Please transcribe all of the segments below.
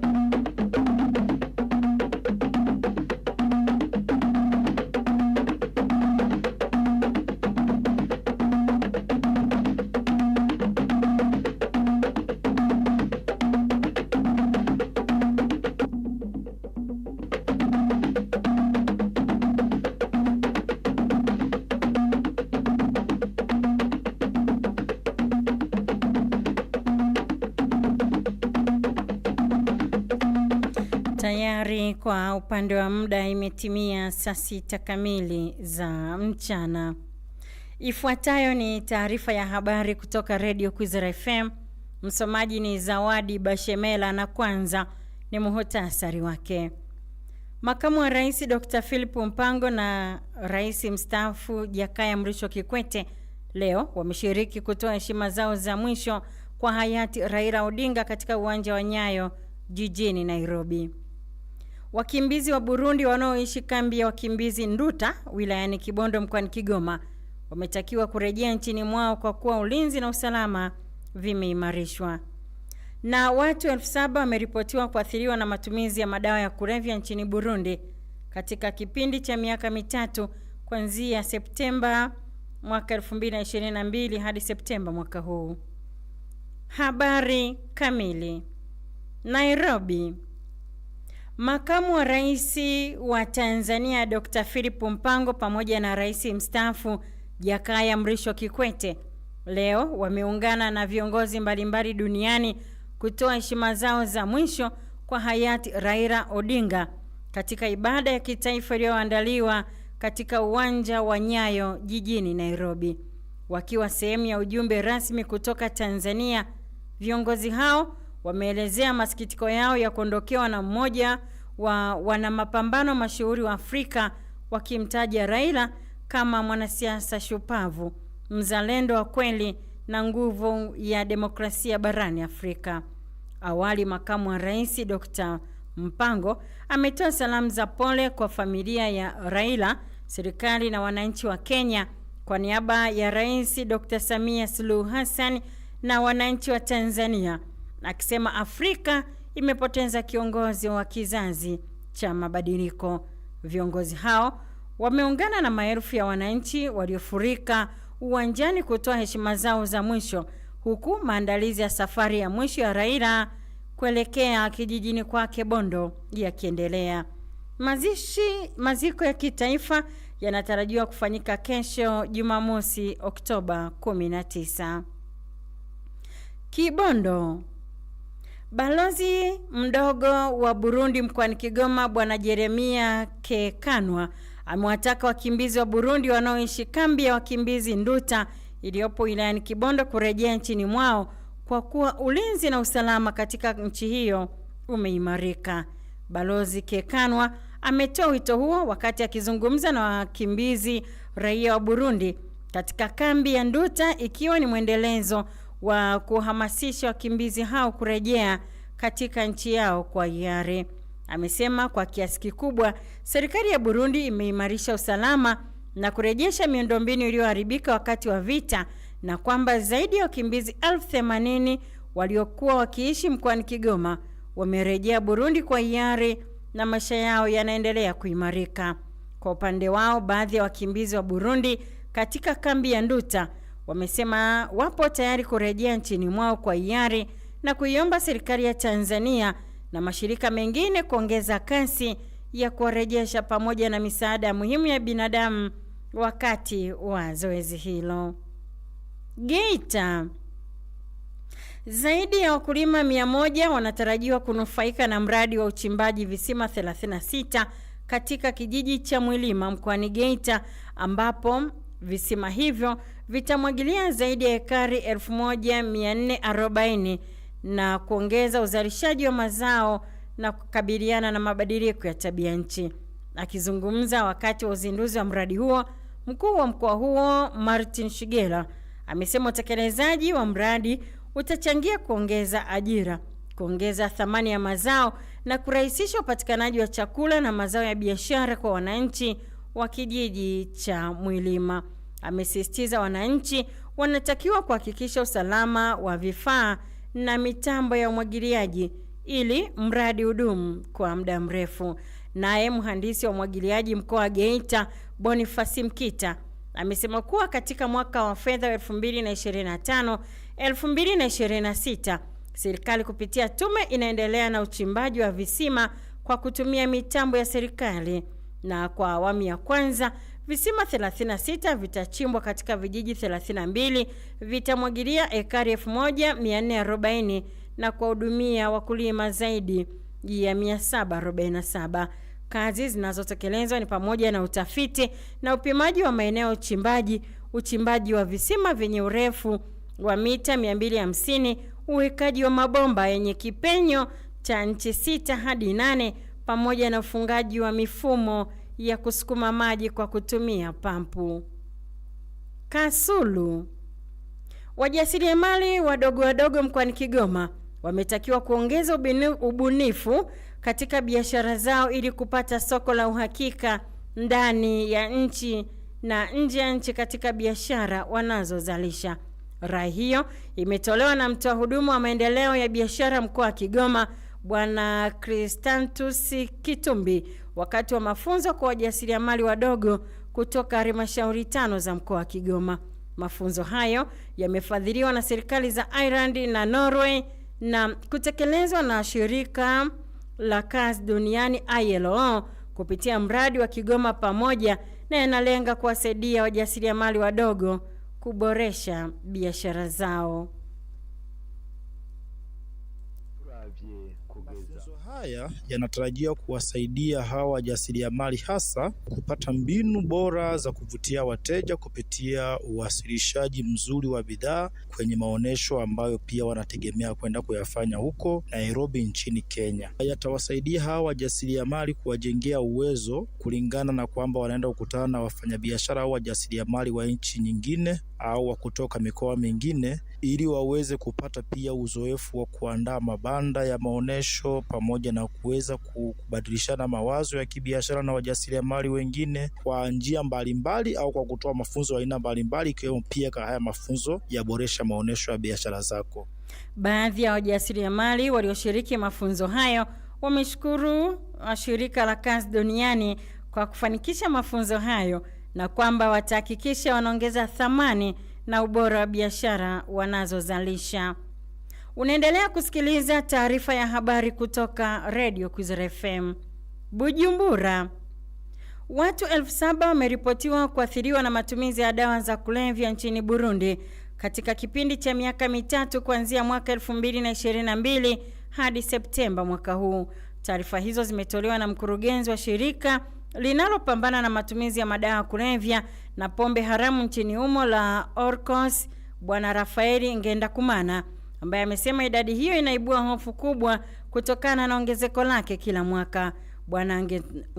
Thank you. Kwa upande wa muda imetimia saa sita kamili za mchana. Ifuatayo ni taarifa ya habari kutoka Radio Kwizera FM. Msomaji ni Zawadi Bashemela na kwanza ni muhutasari wake. Makamu wa Rais Dr. Philip Mpango na Rais mstaafu Jakaya Mrisho Kikwete leo wameshiriki kutoa heshima zao za mwisho kwa hayati Raila Odinga katika uwanja wa Nyayo jijini Nairobi. Wakimbizi wa Burundi wanaoishi kambi ya wakimbizi Nduta wilayani Kibondo mkoani Kigoma wametakiwa kurejea nchini mwao kwa kuwa ulinzi na usalama vimeimarishwa. Na watu elfu saba wameripotiwa kuathiriwa na matumizi ya madawa ya kulevya nchini Burundi katika kipindi cha miaka mitatu kuanzia Septemba mwaka 2022 hadi Septemba mwaka huu. Habari kamili. Nairobi. Makamu wa Rais wa Tanzania Dr. Philip Mpango pamoja na Rais mstaafu Jakaya Mrisho Kikwete leo wameungana na viongozi mbalimbali duniani kutoa heshima zao za mwisho kwa hayati Raila Odinga katika ibada ya kitaifa iliyoandaliwa katika uwanja wa Nyayo jijini Nairobi. Wakiwa sehemu ya ujumbe rasmi kutoka Tanzania, viongozi hao wameelezea masikitiko yao ya kuondokewa na mmoja wa wana mapambano mashuhuri wa Afrika, wakimtaja Raila kama mwanasiasa shupavu, mzalendo wa kweli na nguvu ya demokrasia barani Afrika. Awali, makamu wa rais Dr. Mpango ametoa salamu za pole kwa familia ya Raila, serikali na wananchi wa Kenya kwa niaba ya Rais Dr. Samia Suluhu Hassan na wananchi wa Tanzania akisema Afrika imepoteza kiongozi wa kizazi cha mabadiliko. Viongozi hao wameungana na maelfu ya wananchi waliofurika uwanjani kutoa heshima zao za mwisho huku maandalizi ya safari ya mwisho ya Raila kuelekea kijijini kwake Bondo yakiendelea. Mazishi, maziko ya kitaifa yanatarajiwa kufanyika kesho Jumamosi Oktoba 19. Kibondo Balozi mdogo wa Burundi mkoani Kigoma Bwana Jeremia Kekanwa amewataka wakimbizi wa Burundi wanaoishi kambi ya wakimbizi Nduta iliyopo wilayani Kibondo kurejea nchini mwao kwa kuwa ulinzi na usalama katika nchi hiyo umeimarika. Balozi Kekanwa ametoa wito huo wakati akizungumza na wakimbizi raia wa Burundi katika kambi ya Nduta ikiwa ni mwendelezo wa kuhamasisha wakimbizi hao kurejea katika nchi yao kwa hiari. Amesema kwa kiasi kikubwa serikali ya Burundi imeimarisha usalama na kurejesha miundombinu iliyoharibika wakati wa vita na kwamba zaidi ya wakimbizi elfu themanini waliokuwa wakiishi mkoani Kigoma wamerejea Burundi kwa hiari na maisha yao yanaendelea kuimarika. Kwa upande wao, baadhi ya wakimbizi wa Burundi katika kambi ya Nduta wamesema wapo tayari kurejea nchini mwao kwa hiari na kuiomba serikali ya Tanzania na mashirika mengine kuongeza kasi ya kuwarejesha pamoja na misaada muhimu ya binadamu wakati wa zoezi hilo. Geita, zaidi ya wakulima moja wanatarajiwa kunufaika na mradi wa uchimbaji visima 36 katika kijiji cha Mwilima mkoani Geita ambapo visima hivyo vitamwagilia zaidi ya ekari 1440 na kuongeza uzalishaji wa mazao na kukabiliana na mabadiliko ya tabia nchi. Akizungumza wakati wa uzinduzi wa mradi huo, mkuu wa mkoa huo Martin Shigela amesema utekelezaji wa mradi utachangia kuongeza ajira, kuongeza thamani ya mazao na kurahisisha upatikanaji wa chakula na mazao ya biashara kwa wananchi wa kijiji cha Mwilima. Amesisitiza wananchi wanatakiwa kuhakikisha usalama wa vifaa na mitambo ya umwagiliaji ili mradi hudumu kwa muda mrefu. Naye mhandisi wa umwagiliaji mkoa wa Geita Bonifasi Mkita amesema kuwa katika mwaka wa fedha 2025 2026 serikali kupitia tume inaendelea na uchimbaji wa visima kwa kutumia mitambo ya serikali na kwa awamu ya kwanza Visima 36 vitachimbwa katika vijiji 32, vitamwagilia ekari 1440 na kuwahudumia wakulima zaidi ya 747. Kazi zinazotekelezwa ni pamoja na utafiti na upimaji wa maeneo ya uchimbaji, uchimbaji wa visima vyenye urefu wa mita 250, uwekaji wa mabomba yenye kipenyo cha nchi sita hadi nane pamoja na ufungaji wa mifumo ya kusukuma maji kwa kutumia pampu. Kasulu. Wajasiriamali wadogo wadogo mkoani Kigoma wametakiwa kuongeza ubunifu katika biashara zao ili kupata soko la uhakika ndani ya nchi na nje ya nchi katika biashara wanazozalisha. Rai hiyo imetolewa na mtoa huduma wa maendeleo ya biashara mkoa wa Kigoma Bwana Kristantus Kitumbi wakati wa mafunzo kwa wajasiriamali wadogo kutoka halmashauri tano za mkoa wa Kigoma. Mafunzo hayo yamefadhiliwa na serikali za Ireland na Norway na kutekelezwa na shirika la kazi duniani ILO kupitia mradi wa Kigoma Pamoja, na yanalenga kuwasaidia wajasiriamali wadogo kuboresha biashara zao. haya yanatarajiwa kuwasaidia hawa wajasiriamali hasa kupata mbinu bora za kuvutia wateja kupitia uwasilishaji mzuri wa bidhaa kwenye maonyesho ambayo pia wanategemea kwenda kuyafanya huko Nairobi nchini Kenya. Yatawasaidia hawa wajasiriamali kuwajengea uwezo kulingana na kwamba wanaenda kukutana na wafanyabiashara au wajasiriamali wa nchi nyingine au wa kutoka mikoa mingine ili waweze kupata pia uzoefu wa kuandaa mabanda ya maonyesho pamoja pamoja na kuweza kubadilishana mawazo ya kibiashara na wajasiriamali wengine kwa njia mbalimbali mbali, au kwa kutoa mafunzo aina mbalimbali ikiwemo pia haya mafunzo ya boresha maonesho ya biashara zako. Baadhi ya wajasiriamali walioshiriki mafunzo hayo wameshukuru ah, shirika la kazi duniani kwa kufanikisha mafunzo hayo na kwamba watahakikisha wanaongeza thamani na ubora wa biashara wanazozalisha. Unaendelea kusikiliza taarifa ya habari kutoka Radio Kwizera FM. Bujumbura, watu elfu saba wameripotiwa kuathiriwa na matumizi ya dawa za kulevya nchini Burundi katika kipindi cha miaka mitatu kuanzia mwaka 2022 hadi Septemba mwaka huu. Taarifa hizo zimetolewa na mkurugenzi wa shirika linalopambana na matumizi ya madawa ya kulevya na pombe haramu nchini humo la Orcos, Bwana Rafaeli Ngenda Kumana ambaye amesema idadi hiyo inaibua hofu kubwa kutokana na ongezeko lake kila mwaka. Bwana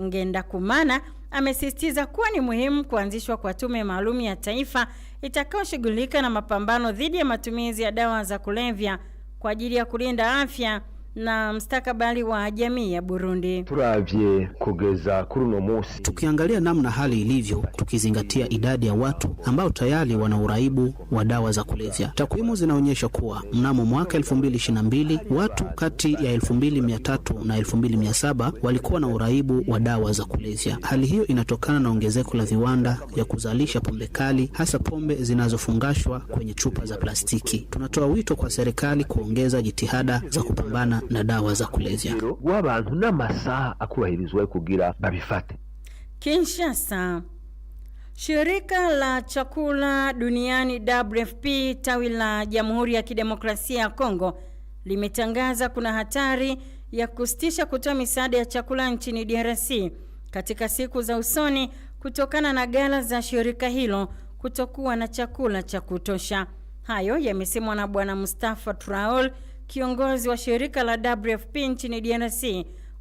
Ngendakumana amesisitiza kuwa ni muhimu kuanzishwa kwa tume maalum ya taifa itakayoshughulika na mapambano dhidi ya matumizi ya dawa za kulevya kwa ajili ya kulinda afya na mstakabali wa jamii ya Burundi. turavye kugeza kuruno uno tukiangalia namna hali ilivyo, tukizingatia idadi ya watu ambao tayari wana uraibu wa dawa za kulevya, takwimu zinaonyesha kuwa mnamo mwaka 2022 watu kati ya 2300 na 2700 walikuwa na uraibu wa dawa za kulevya. Hali hiyo inatokana na ongezeko la viwanda vya kuzalisha pombe kali, hasa pombe zinazofungashwa kwenye chupa za plastiki. Tunatoa wito kwa serikali kuongeza jitihada za kupambana na dawa za kulevya w'abantu masaa akubahirizwa kugira babifate. Kinshasa. Shirika la chakula duniani WFP tawi la Jamhuri ya Kidemokrasia ya Kongo limetangaza kuna hatari ya kusitisha kutoa misaada ya chakula nchini DRC katika siku za usoni kutokana na ghala za shirika hilo kutokuwa na chakula cha kutosha. Hayo yamesemwa na Bwana Mustafa Traol, kiongozi wa shirika la WFP nchini DRC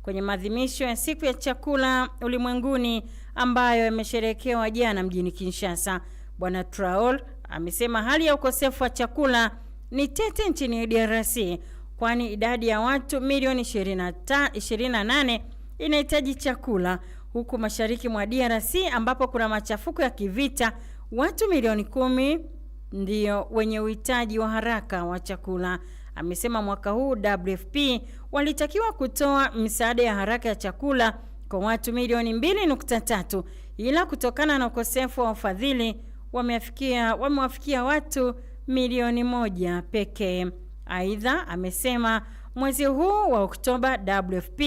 kwenye maadhimisho ya siku ya chakula ulimwenguni ambayo yamesherehekewa jana mjini Kinshasa. Bwana traol amesema hali ya ukosefu wa chakula ni tete nchini DRC kwani idadi ya watu milioni 28 inahitaji chakula huku mashariki mwa DRC ambapo kuna machafuko ya kivita, watu milioni kumi ndio wenye uhitaji wa haraka wa chakula amesema mwaka huu WFP walitakiwa kutoa msaada ya haraka ya chakula kwa watu milioni 2.3, ila kutokana na ukosefu wa ufadhili wamewafikia wamewafikia watu milioni moja pekee. Aidha, amesema mwezi huu wa Oktoba WFP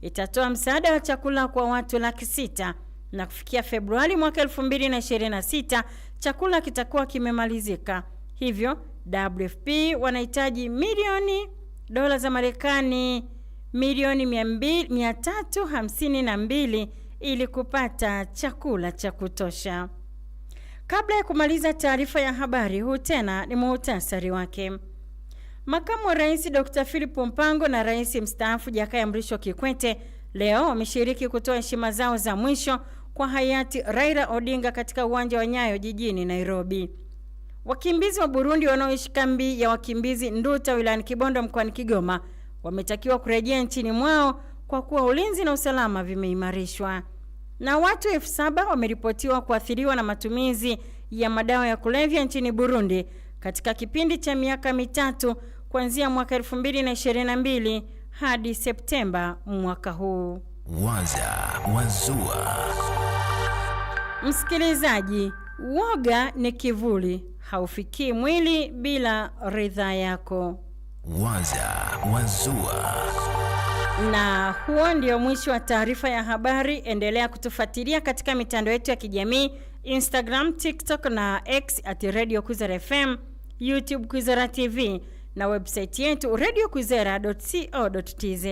itatoa msaada wa chakula kwa watu laki sita na kufikia Februari mwaka 2026 chakula kitakuwa kimemalizika. Hivyo WFP wanahitaji milioni dola za Marekani milioni 352 ili kupata chakula cha kutosha. Kabla ya kumaliza taarifa ya habari, huu tena ni muhtasari wake. Makamu wa Rais Dr. Philip Mpango na Rais mstaafu Jakaya Mrisho Kikwete leo wameshiriki kutoa heshima zao za mwisho kwa hayati Raila Odinga katika uwanja wa Nyayo jijini Nairobi. Wakimbizi wa Burundi wanaoishi kambi ya wakimbizi Nduta wilayani Kibondo mkoani Kigoma wametakiwa kurejea nchini mwao kwa kuwa ulinzi na usalama vimeimarishwa. Na watu elfu saba wameripotiwa kuathiriwa na matumizi ya madawa ya kulevya nchini Burundi katika kipindi cha miaka mitatu kuanzia mwaka 2022 hadi Septemba mwaka huu. Waza Wazua. Msikilizaji, woga ni kivuli haufikii mwili bila ridhaa yako. Waza Wazua. Na huo ndio mwisho wa taarifa ya habari. Endelea kutufuatilia katika mitandao yetu ya kijamii Instagram, TikTok na X at Radio Kwizera FM, YouTube Kwizera TV na website yetu radiokwizera.co.tz.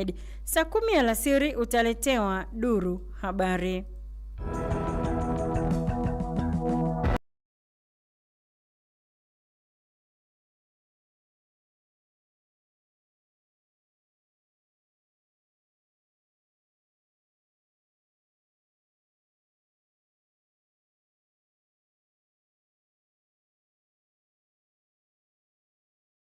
Saa kumi alasiri utaletewa duru habari.